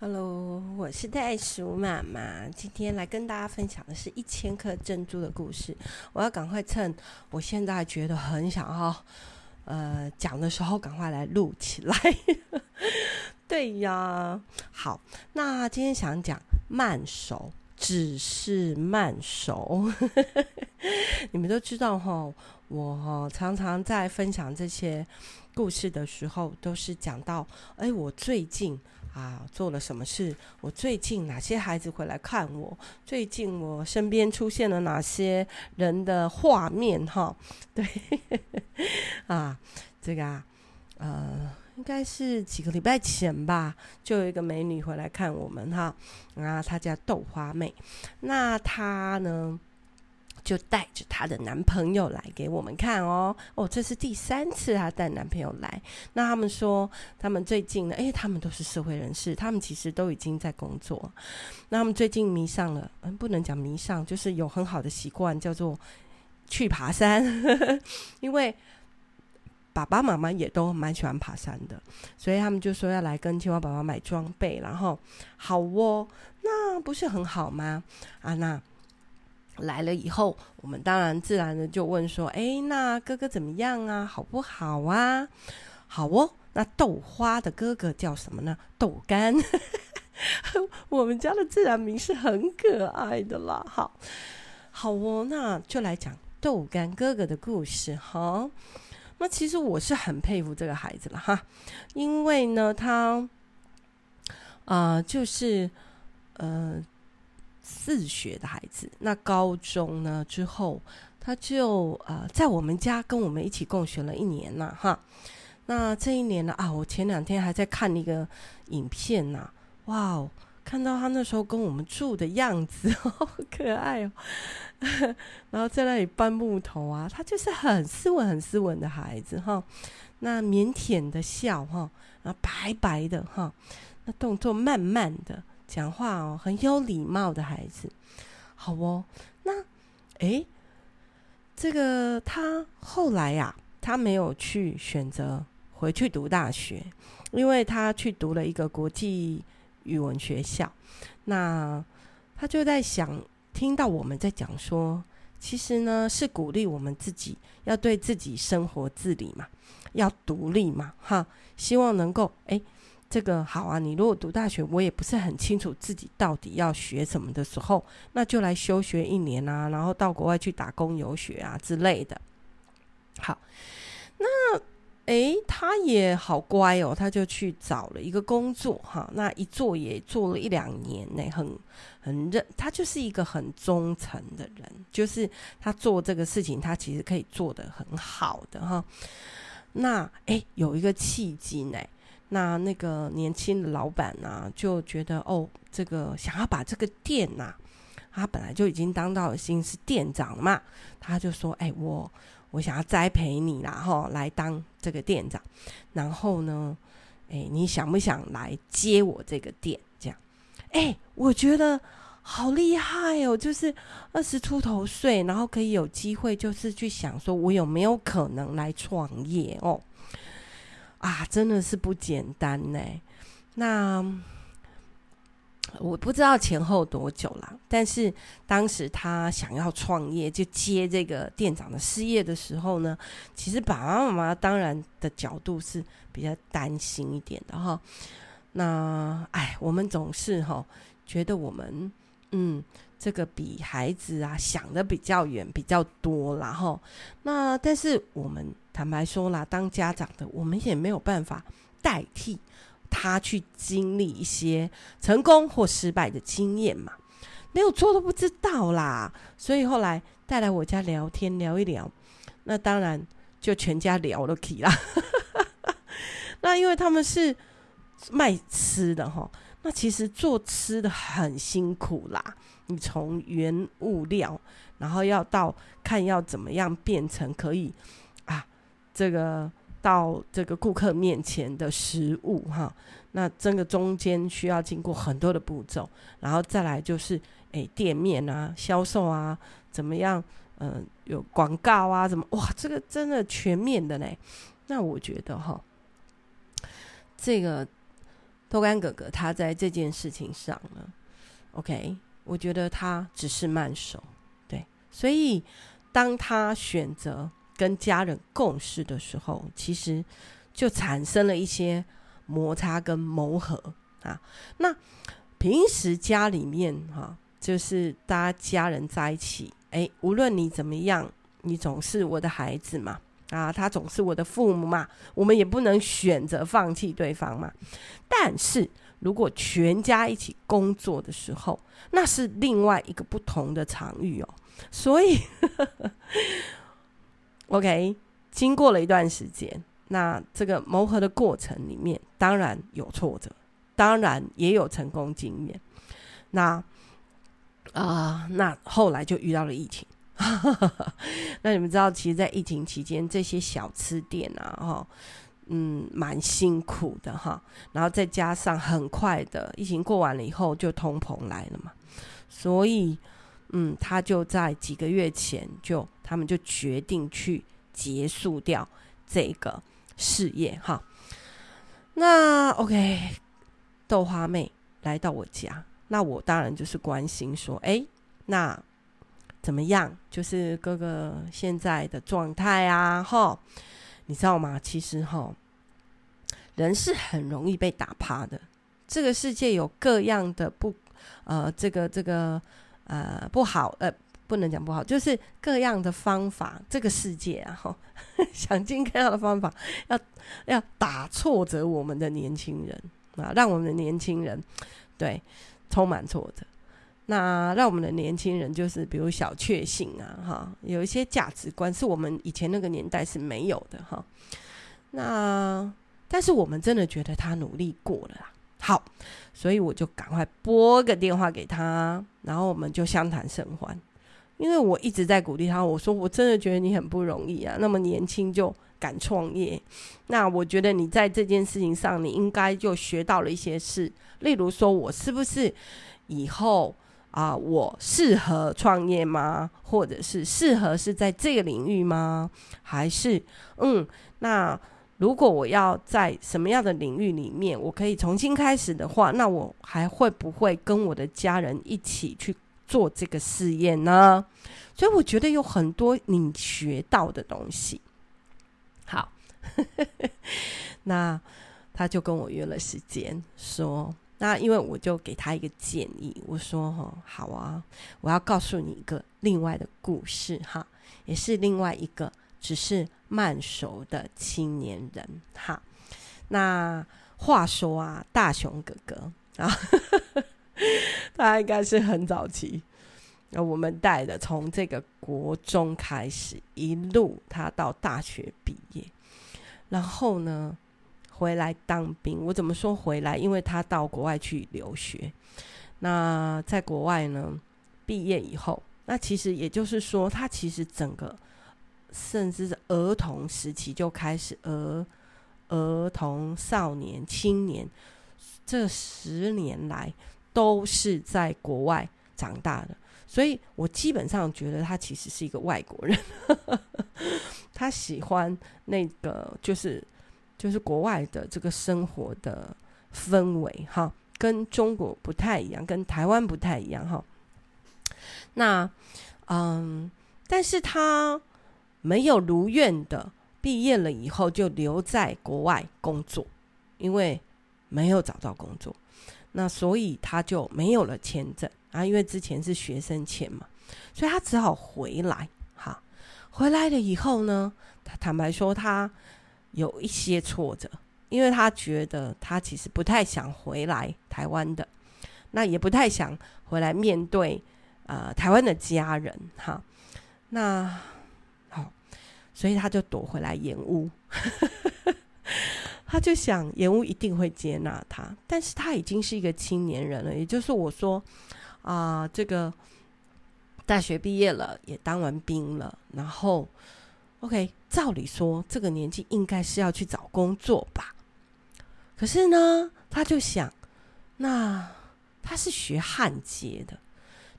Hello，我是袋鼠媽媽。今天來跟大家分享的是一千顆珍珠的故事。我要趕快趁我現在覺得很想哈，呃，講的時候趕快來錄起來。 對呀，好，那今天想講慢熟，只是慢熟。 你們都知道哈，我常常在分享這些故事的時候，都是講到哎、欸，我最近。啊，做了什麼事？我最近哪些孩子回來看我？最近我身邊出現了哪些人的畫面？哈，對， 啊，這個啊，呃，應該是幾個禮拜前吧，就有一個美女回來看我們哈，啊，她叫豆花妹，那她呢？就帶着她的男朋友來給我們看哦哦，這是第三次她帶男朋友來。那他們說，他們最近呢？哎，他們都是社會人士，他們其實都已經在工作。那他們最近迷上了，嗯，不能講迷上，就是有很好的習慣，叫做去爬山。 因為爸爸媽媽也都蠻喜歡爬山的，所以他們就說要來跟青蛙爸爸買裝備。然後，好哦，那不是很好嗎？啊，那。來了以後，我們當然自然的就問說：“哎，那哥哥怎麼樣啊？好不好啊？”好哦。那豆花的哥哥叫什麼呢？豆乾。 我們家的自然名是很可愛的啦。好，好哦。那就來講豆乾哥哥的故事。哈，那其實我是很佩服這個孩子了哈，因為呢，他啊、呃，就是嗯。呃自學的孩子，那高中呢？之後他就呃，在我們家跟我們一起共學了一年了、啊、哈。那這一年呢，啊，我前兩天還在看一個影片吶、啊，哇，看到他那時候跟我們住的樣子，好可愛哦。 然後在那裡搬木頭啊，他就是很斯文、很斯文的孩子哈。那腼腆的笑哈，然後白白的哈，那動作慢慢的。講話哦，很有禮貌的孩子，好哦。那，哎，這個他後來呀、啊，他沒有去選擇回去讀大學，因為他去讀了一個國際語文學校。那他就在想，聽到我們在講說，其實呢是鼓勵我們自己要對自己生活自理嘛，要獨立嘛，哈，希望能夠哎。誒這個好啊！你如果讀大學，我也不是很清楚自己到底要學什麼的時候，那就來休學一年啊，然後到國外去打工遊學啊之類的。好，那欸，他也好乖哦，他就去找了一個工作哈。那一做也做了一兩年呢、欸，很很認，他就是一個很忠誠的人，就是他做這個事情，他其實可以做得很好的哈。那欸，有一個契機呢。那那個年輕的老板呢、啊，就覺得哦，這個想要把這個店吶、啊，他本來就已經當到了，已經是店長了嘛，他就說，哎，我我想要栽培你啦，齁，來當這個店長，然後呢，哎，你想不想來接我這個店？這樣，哎，我覺得好厲害哦，就是二十出頭歲，然後可以有機會，就是去想說我有沒有可能來創業哦。啊，真的是不簡單呢。那我不知道前後多久啦，但是當時他想要創業，就接這個店長的事業的時候呢，其實爸爸媽媽當然的角度是比較擔心一點的哈。那哎，我們總是哈覺得我們嗯。這個比孩子啊想得比較遠比較多啦，然後那但是我們坦白說啦，當家長的我們也沒有辦法代替他去經歷一些成功或失敗的經驗嘛，沒有做都不知道啦。所以後來帶來我家聊天聊一聊，那當然就全家聊了起啦。 那因為他們是賣吃的吼，那其實做吃的很辛苦啦。你從原物料，然後要到看要怎麼樣變成可以，啊，這個到這個顧客面前的食物哈，那這個中間需要經過很多的步驟，然後再來就是誒店面啊銷售啊怎麼樣，嗯、呃、有廣告啊怎麼哇這個真的全面的呢，那我覺得哈，這個豆干哥哥他在這件事情上呢，OK。我覺得他只是慢熟，對，所以當他選擇跟家人共事的時候，其實就產生了一些摩擦跟磨合啊。那平時家裡面哈、啊，就是大家家人在一起，哎，無論你怎麼樣，你總是我的孩子嘛，啊，他總是我的父母嘛，我們也不能選擇放棄對方嘛，但是。如果全家一起工作的時候，那是另外一個不同的場域哦。所以 ，OK，經過了一段時間，那這個磨合的過程裡面，當然有挫折，當然也有成功經驗。那啊、呃，那後來就遇到了疫情。 那你們知道，其實，在疫情期間，這些小吃店啊，哦嗯，蠻辛苦的哈，然後再加上很快的疫情過完了以後，就通膨來了嘛，所以，嗯，他就在幾個月前就他們就決定去結束掉這個事業哈。那 OK，豆花妹來到我家，那我當然就是關心說，哎，那怎麼樣？就是哥哥現在的狀態啊，吼。你知道嗎？其實哈，人是很容易被打趴的。這個世界有各樣的不，呃，這個這個呃不好，呃，不能講不好，就是各樣的方法。這個世界啊，想盡各樣的方法，要要打挫折我們的年輕人啊，讓我們的年輕人對充滿挫折。那讓我們的年輕人就是，比如小確幸啊，哈，有一些價值觀是我們以前那個年代是沒有的哈。那但是我們真的覺得他努力過了。好，所以我就趕快撥個電話給他，然後我們就相談甚歡。因為我一直在鼓勵他，我說我真的覺得你很不容易啊，那麼年輕就敢創業。那我覺得你在這件事情上，你應該就學到了一些事，例如說，我是不是以後。啊，我適合創業嗎？或者是適合是在這個領域嗎？還是，嗯，那如果我要在什麼樣的領域裡面，我可以重新開始的話，那我還會不會跟我的家人一起去做這個試驗呢？所以我覺得有很多你學到的東西。好， 那他就跟我約了時間，說。那因為我就給他一個建議，我說：“哈、哦，好啊，我要告訴你一個另外的故事哈，也是另外一個只是慢熟的青年人哈。”那話說啊，大雄哥哥啊， 他應該是很早期，那我們帶的從這個國中開始一路，他到大學畢業，然後呢，回來當兵，我怎麼說回來？因為他到國外去留學。那在國外呢？畢業以後，那其實也就是說，他其實整個，甚至是兒童時期就開始，兒兒童、少年、青年這十年來都是在國外長大的。所以我基本上覺得他其實是一個外國人。呵呵，他喜歡那個，就是。就是國外的這個生活的氛圍哈，跟中國不太一樣，跟台灣不太一樣哈。那嗯，但是他沒有如願的畢業了以後就留在國外工作，因為沒有找到工作，那所以他就沒有了簽證啊，因為之前是學生簽嘛，所以他只好回來哈。回來了以後呢，他坦白說他。有一些挫折，因為他覺得他其實不太想回來台灣的，那也不太想回來面對呃台灣的家人哈。那好、哦，所以他就躲回來延屋，他就想延屋一定會接納他，但是他已經是一個青年人了，也就是我說啊、呃，這個大學畢業了，也當完兵了，然後 OK。照理說，這個年紀應該是要去找工作吧。可是呢，他就想，那他是學焊接的，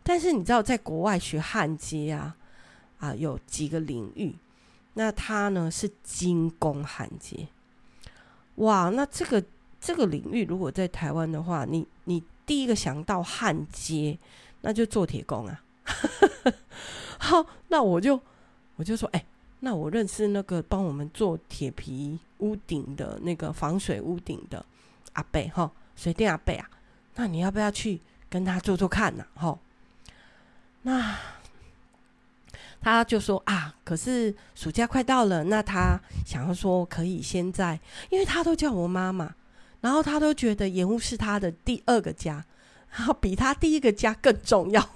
但是你知道，在國外學焊接啊，啊，有幾個領域。那他呢是精工焊接，哇！那這個這個領域，如果在台灣的話，你你第一個想到焊接，那就做鐵工啊。 好，那我就我就說，哎、欸。那我認識那個幫我們做鐵皮屋頂的那個防水屋頂的阿伯齁，水電阿伯啊，那你要不要去跟他做做看呢？啊？齁，那他就說啊，可是暑假快到了，那他想要說可以現在，因為他都叫我媽媽，然後他都覺得鹽屋是他的第二個家，然後比他第一個家更重要。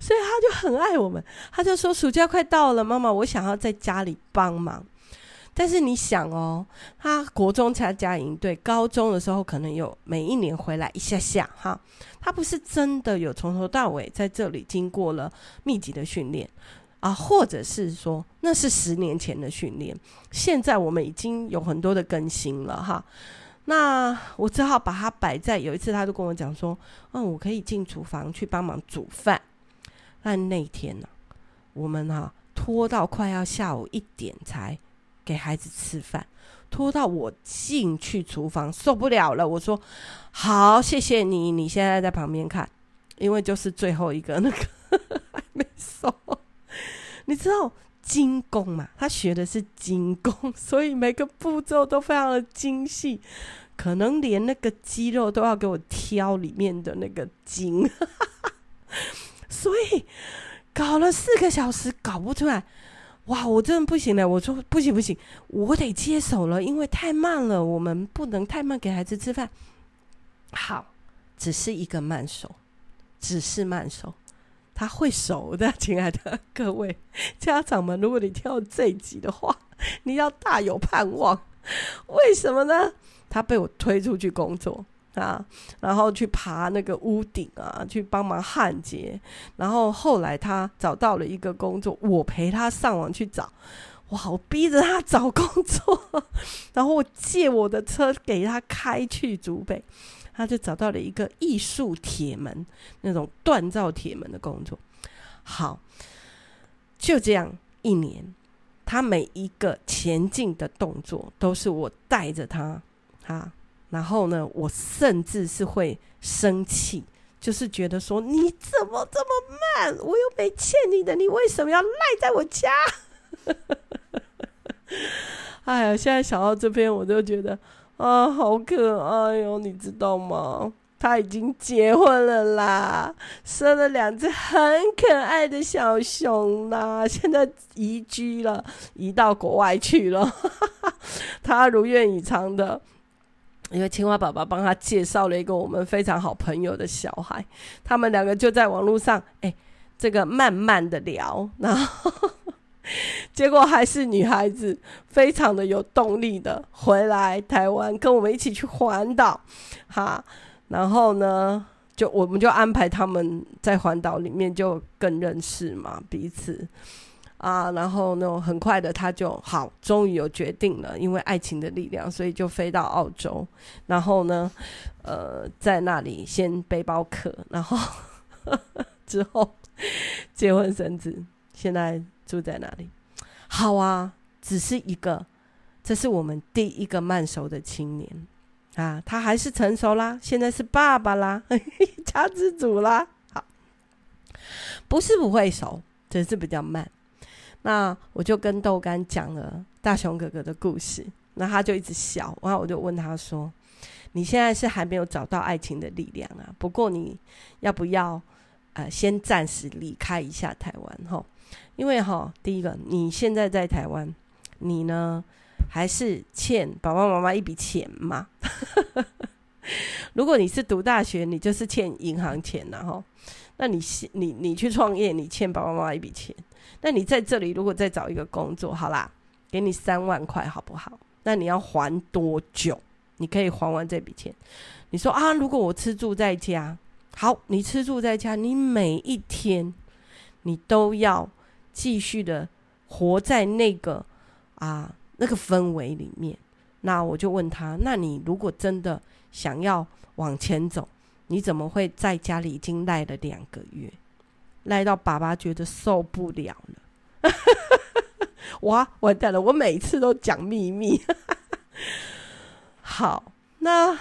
所以他就很愛我們，他就說暑假快到了，媽媽，我想要在家裡幫忙。但是你想哦，他國中參加營隊，高中的時候可能有每一年回來一下下哈，他不是真的有從頭到尾在這裡經過了密集的訓練啊，或者是說那是十年前的訓練，現在我們已經有很多的更新了哈。那我只好把它擺在，有一次他就跟我講說，嗯，我可以進廚房去幫忙煮飯。但那天呢、啊，我們哈、啊、拖到快要下午一點才給孩子吃飯，拖到我進去廚房受不了了。我說：“好，謝謝你，你現在在旁邊看，因為就是最後一個那個呵呵還沒熟。”你知道精工嘛？他學的是精工，所以每個步驟都非常的精細，可能連那個雞肉都要給我挑裡面的那個筋。呵呵所以搞了四個小時搞不出來，哇！我真的不行了，我說不行不行，我得接手了，因為太慢了，我們不能太慢給孩子吃飯。好，只是一個慢熟，只是慢熟，他會熟的。親愛的各位家長們，如果你跳這一集的話，你要大有盼望。為什麼呢？他被我推出去工作。啊，然後去爬那個屋頂啊，去幫忙焊接。然後後來他找到了一個工作，我陪他上網去找，哇，我逼着他找工作，然後我借我的車給他開去竹北，他就找到了一個藝術鐵門那種鍛造鐵門的工作。好，就這樣一年，他每一個前進的動作都是我帶着他，啊。然後呢，我甚至是會生氣，就是覺得說你怎麼這麼慢？我又沒欠你的，你為什麼要賴在我家？ 哎呀，現在想到這邊我就覺得啊，好可愛喲，哦，你知道嗎？他已經結婚了啦，生了兩隻很可愛的小熊啦，現在移居了，移到國外去了， 他如願以償的。因為青蛙爸爸幫他介紹了一個我們非常好朋友的小孩，他們兩個就在網絡上，誒、欸、這個慢慢的聊，然後呵呵結果還是女孩子，非常的有動力的回來台灣跟我們一起去環島，哈，然後呢，就我們就安排他們在環島裡面就更認識嘛彼此。啊，然後呢，很快的，他就好，終於有決定了，因為愛情的力量，所以就飛到澳洲。然後呢，呃，在那裡先背包客，然後呵呵之後結婚生子，現在住在那裡。好啊，只是一個，這是我們第一個慢熟的青年啊，他還是成熟啦，現在是爸爸啦，嘿嘿，家之主啦。好，不是不會熟，只是比較慢。那我就跟豆乾講了大雄哥哥的故事，那他就一直笑。然後我就問他說：“你現在是還沒有找到愛情的力量啊？不過你要不要呃先暫時離開一下台灣？哈，因為哈第一個你現在在台灣，你呢還是欠爸爸媽媽一筆錢嘛。 如果你是讀大學，你就是欠銀行錢了、啊、哈。那你你你去創業，你欠爸爸媽媽一筆錢。”那你在這裡，如果再找一個工作，好啦，給你三萬塊，好不好？那你要還多久？你可以還完這筆錢。你說啊，如果我吃住在家，好，你吃住在家，你每一天你都要繼續的活在那個啊那個氛圍裡面。那我就問他，那你如果真的想要往前走，你怎麼會在家裡已經賴了兩個月？來到爸爸覺得受不了了， 哇，完蛋了！我每次都講秘密， 好，那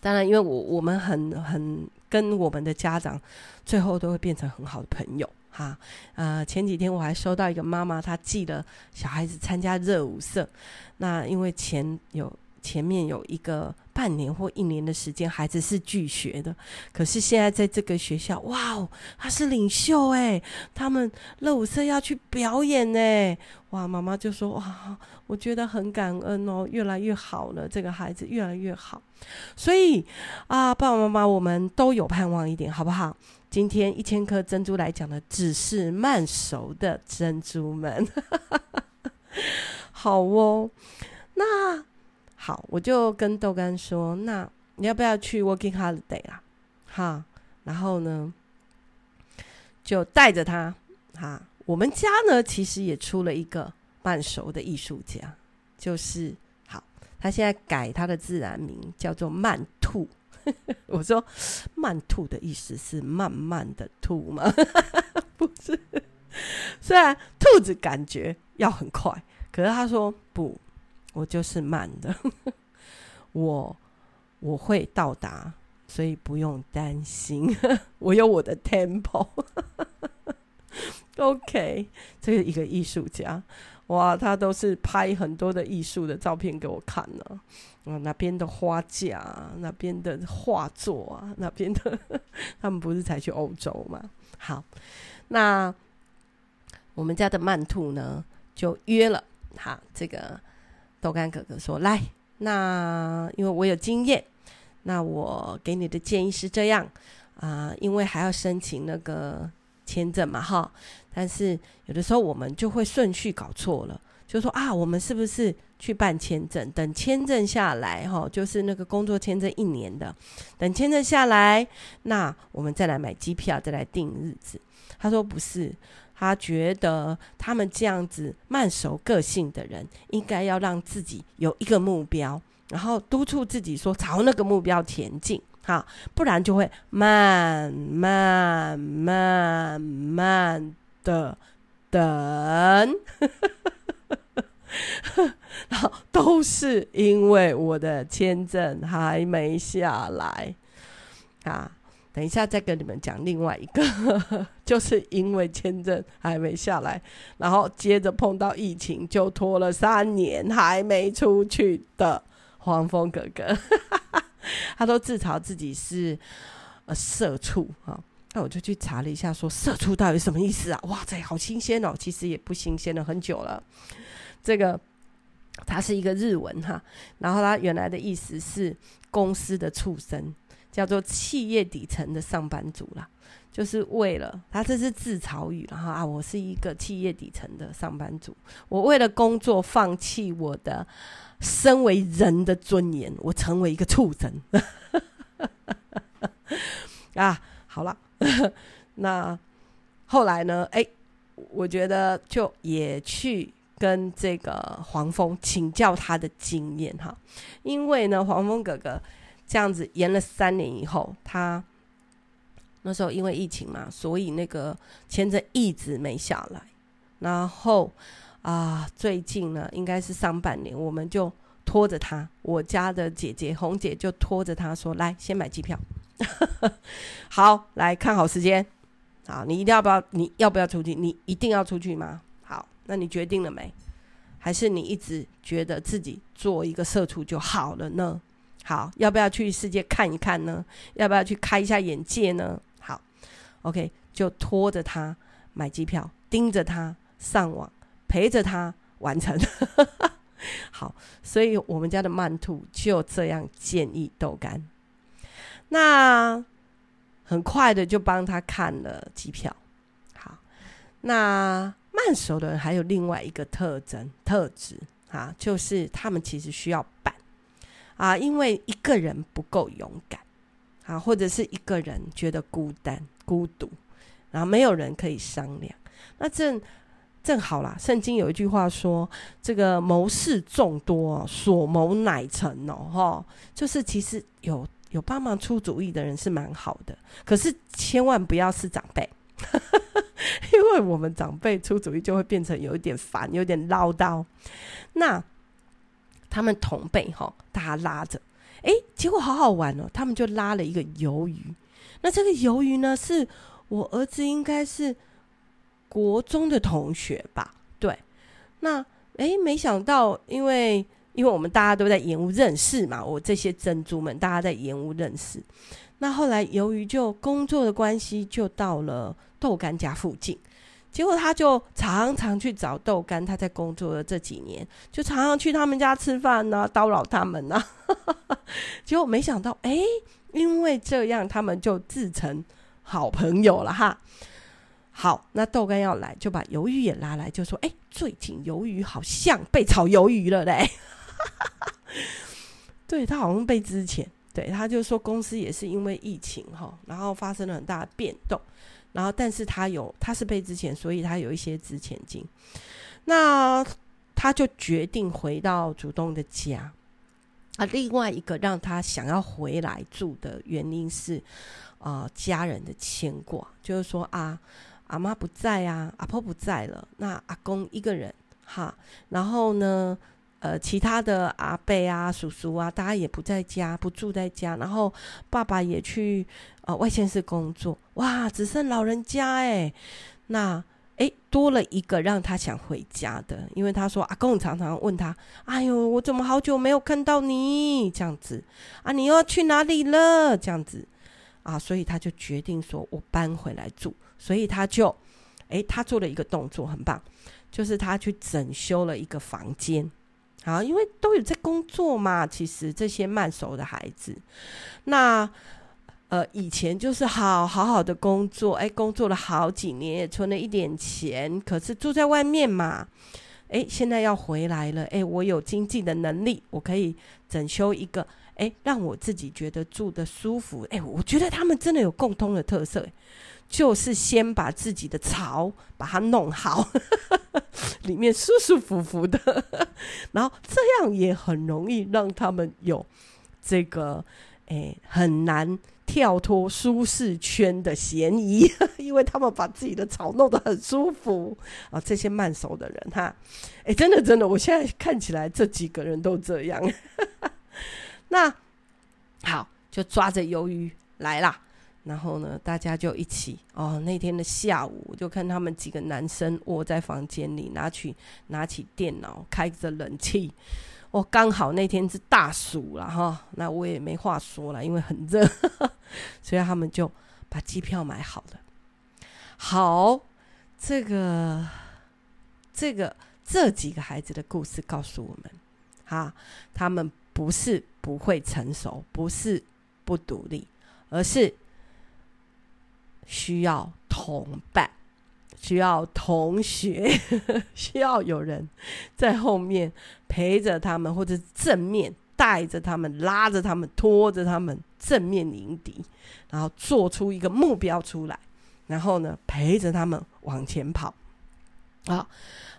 當然，因為我我們很很跟我們的家長，最後都會變成很好的朋友哈，呃，前幾天我還收到一個媽媽，她寄了小孩子參加熱舞社，那因為錢有。前面有一個半年或一年的時間，孩子是拒學的。可是現在在這個學校，哇哦，他是領袖誒。他們樂舞社要去表演哎，哇，媽媽就說哇，我覺得很感恩哦，越來越好了，這個孩子越來越好。所以啊，爸爸媽媽，我們都有盼望一點，好不好？今天一千顆珍珠來講的，只是慢熟的珍珠們。 好哦，那。好，我就跟豆干說，那你要不要去 Working Holiday 啦，啊？哈，然後呢，就帶着他，哈。我們家呢，其實也出了一個慢熟的藝術家，就是，好，他現在改他的自然名叫做慢兔。呵呵，我說慢兔的意思是慢慢的兔嗎？呵呵，不是，雖然兔子感覺要很快，可是他說不。我就是慢的， 我我會到達，所以不用擔心， 我有我的 tempo。 OK，這個一個藝術家，哇，他都是拍很多的藝術的照片給我看呢、啊。嗯，那邊的花架啊，那邊的畫作啊，那邊的， 他們不是才去歐洲嗎？好，那我們家的曼兔呢，就約了，好，這個。豆乾哥哥說：“來，那因為我有經驗，那我給你的建議是這樣啊，呃，因為還要申請那個簽證嘛，哈。但是有的時候我們就會順序搞錯了，就說啊，我們是不是？”去辦簽證，等簽證下來，哈、哦，就是那個工作簽證一年的，等簽證下來，那我們再來買機票，再來定日子。他說不是，他覺得他們這樣子慢熟個性的人，應該要讓自己有一個目標，然後督促自己說朝那個目標前進，哈，不然就會慢慢慢慢，慢，慢的等。 然後都是因為我的簽證還沒下來啊！等一下再跟你們講另外一個呵呵，就是因為簽證還沒下來，然後接着碰到疫情，就拖了三年還沒出去的黃蜂哥哥，呵呵他都自嘲自己是呃社畜啊。那我就去查了一下說，說社畜到底什麼意思啊？哇塞，這好新鮮哦！其實也不新鮮了，很久了。這個它是一個日文哈，然後它原來的意思是公司的畜生，叫做企業底層的上班族啦，就是為了它、啊、這是自嘲語，然後啊，我是一個企業底層的上班族，我為了工作放棄我的身為人的尊嚴，我成為一個畜生。 啊，好了，那後來呢？哎、欸，我覺得就也去。跟這個黃蜂請教他的經驗哈，因為呢，黃蜂哥哥這樣子延了三年以後，他那時候因為疫情嘛，所以那個簽證一直沒下來。然後啊、呃，最近呢，應該是上半年，我們就拖着他，我家的姐姐紅姐就拖着他說：“來，先買機票。 ”好，來看好時間啊，你一定要不要？你要不要出去？你一定要出去嗎？那你決定了沒？還是你一直覺得自己做一個社畜就好了呢？好，要不要去世界看一看呢？要不要去開一下眼界呢？好，OK，就拖着他買機票，盯着他上網，陪着他完成。 好，所以我們家的曼兔就這樣建議豆干，那很快的就幫他看了機票。好，那。慢熟的人還有另外一個特徵特質啊，就是他們其實需要伴啊，因為一個人不夠勇敢啊，或者是一個人覺得孤單孤獨，然後沒有人可以商量。那正正好啦，聖經有一句話說：“這個謀士眾多，哦，所謀乃成哦。”哦，就是其實有有幫忙出主意的人是蠻好的，可是千萬不要是長輩。 因為我們長輩出主意就會變成有一點煩，有點嘮叨。那他們同輩哈、哦，大家拉着，哎，結果好好玩哦。他們就拉了一個魷魚。那這個魷魚呢，是我兒子應該是國中的同學吧？對。那哎，沒想到，因為因為我們大家都在延誤認識嘛，我這些珍珠們大家在延誤認識。那後來，魷魚就工作的關係，就到了。豆干家附近，結果他就常常去找豆干。他在工作的這幾年，就常常去他們家吃飯啊，叨擾他們啊呵呵呵。結果沒想到，哎，因為這樣，他們就自成好朋友了哈。好，那豆干要來，就把魷魚也拉來，就說：“哎，最近魷魚好像被炒魷魚了嘞。”呵呵呵，對他好像被之前，對他就說公司也是因為疫情哈，然後發生了很大的變動。然後，但是他有，他是被資遣，所以他有一些資遣金。那他就決定回到主動的家。啊，另外一個讓他想要回來住的原因是，啊、呃，家人的牽掛，就是說啊，阿媽不在啊，阿婆不在了，那阿公一個人，哈，然後呢？呃，其他的阿伯啊、叔叔啊，大家也不在家，不住在家。然後爸爸也去呃外縣市工作，哇，只剩老人家欸。那哎、欸、多了一個讓他想回家的，因為他說阿公常常問他，哎呦，我怎麼好久沒有看到你這樣子啊？你又要去哪裡了這樣子啊？所以他就決定說，我搬回來住。所以他就哎、欸，他做了一個動作，很棒，就是他去整修了一個房間。啊，因為都有在工作嘛，其實這些慢熟的孩子,那呃以前就是好好好的工作，哎、欸，工作了好幾年，也存了一點錢，可是住在外面嘛，哎、欸，現在要回來了，哎、欸，我有經濟的能力，我可以整修一個，哎、欸，讓我自己覺得住得舒服，哎、欸，我覺得他們真的有共通的特色、欸。就是先把自己的巢把它弄好呵呵，裡面舒舒服服的，然後這樣也很容易讓他們有這個誒、欸、很難跳脫舒適圈的嫌疑，因為他們把自己的巢弄得很舒服啊。這些慢熟的人哈，哎、欸，真的真的，我現在看起來這幾個人都這樣。呵呵那好，就抓着魷魚來啦。然後呢，大家就一起哦。那天的下午，就看他們幾個男生窩在房間裡，拿起拿起電腦，開着冷氣。哦，剛好那天是大暑了哈，哦，那我也沒話說了，因為很熱呵呵，所以他們就把機票買好了。好，這個這個這幾個孩子的故事告訴我們，哈，他們不是不會成熟，不是不獨立，而是。需要同伴，需要同學，呵呵，需要有人在後面陪着他們，或者正面帶着他們、拉着他們、拖着他們，正面迎敵，然後做出一個目標出來，然後呢，陪着他們往前跑。啊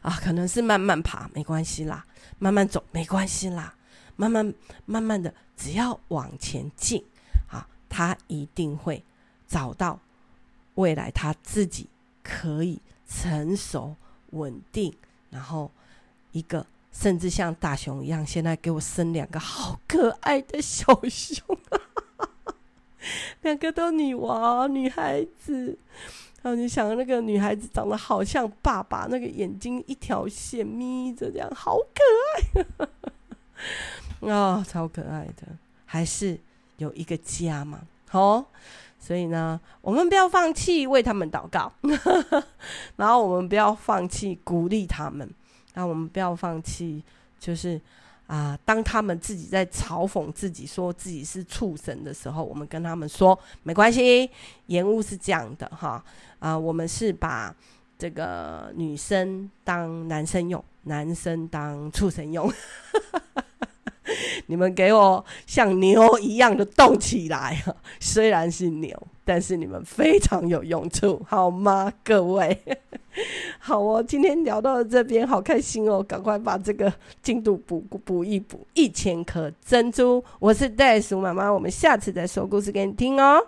啊，可能是慢慢爬，沒關係啦，慢慢走，沒關係啦，慢慢慢慢的，只要往前進啊，他一定會找到。未來他自己可以成熟穩定，然後一個甚至像大熊一樣，現在給我生兩個好可愛的小熊， 兩個都女娃女孩子，然、哦、後你想那個女孩子長得好像爸爸，那個眼睛一條線眯着這樣，好可愛啊、 哦，超可愛的，還是有一個家嘛，好、哦。所以呢，我們不要放棄為他們禱告，呵呵，然後我們不要放棄鼓勵他們，然後我們不要放棄，就是啊、呃，當他們自己在嘲諷自己，說自己是畜生的時候，我們跟他們說沒關係，言誤是這樣的哈啊、呃，我們是把這個女生當男生用，男生當畜生用。哈哈哈。 你們給我像牛一樣的動起來、啊，雖然是牛，但是你們非常有用處，好嗎，各位？ 好哦，今天聊到了這邊，好開心哦！趕快把這個進度補補一補，一千顆珍珠。我是袋鼠媽媽，我們下次再說故事給你聽哦。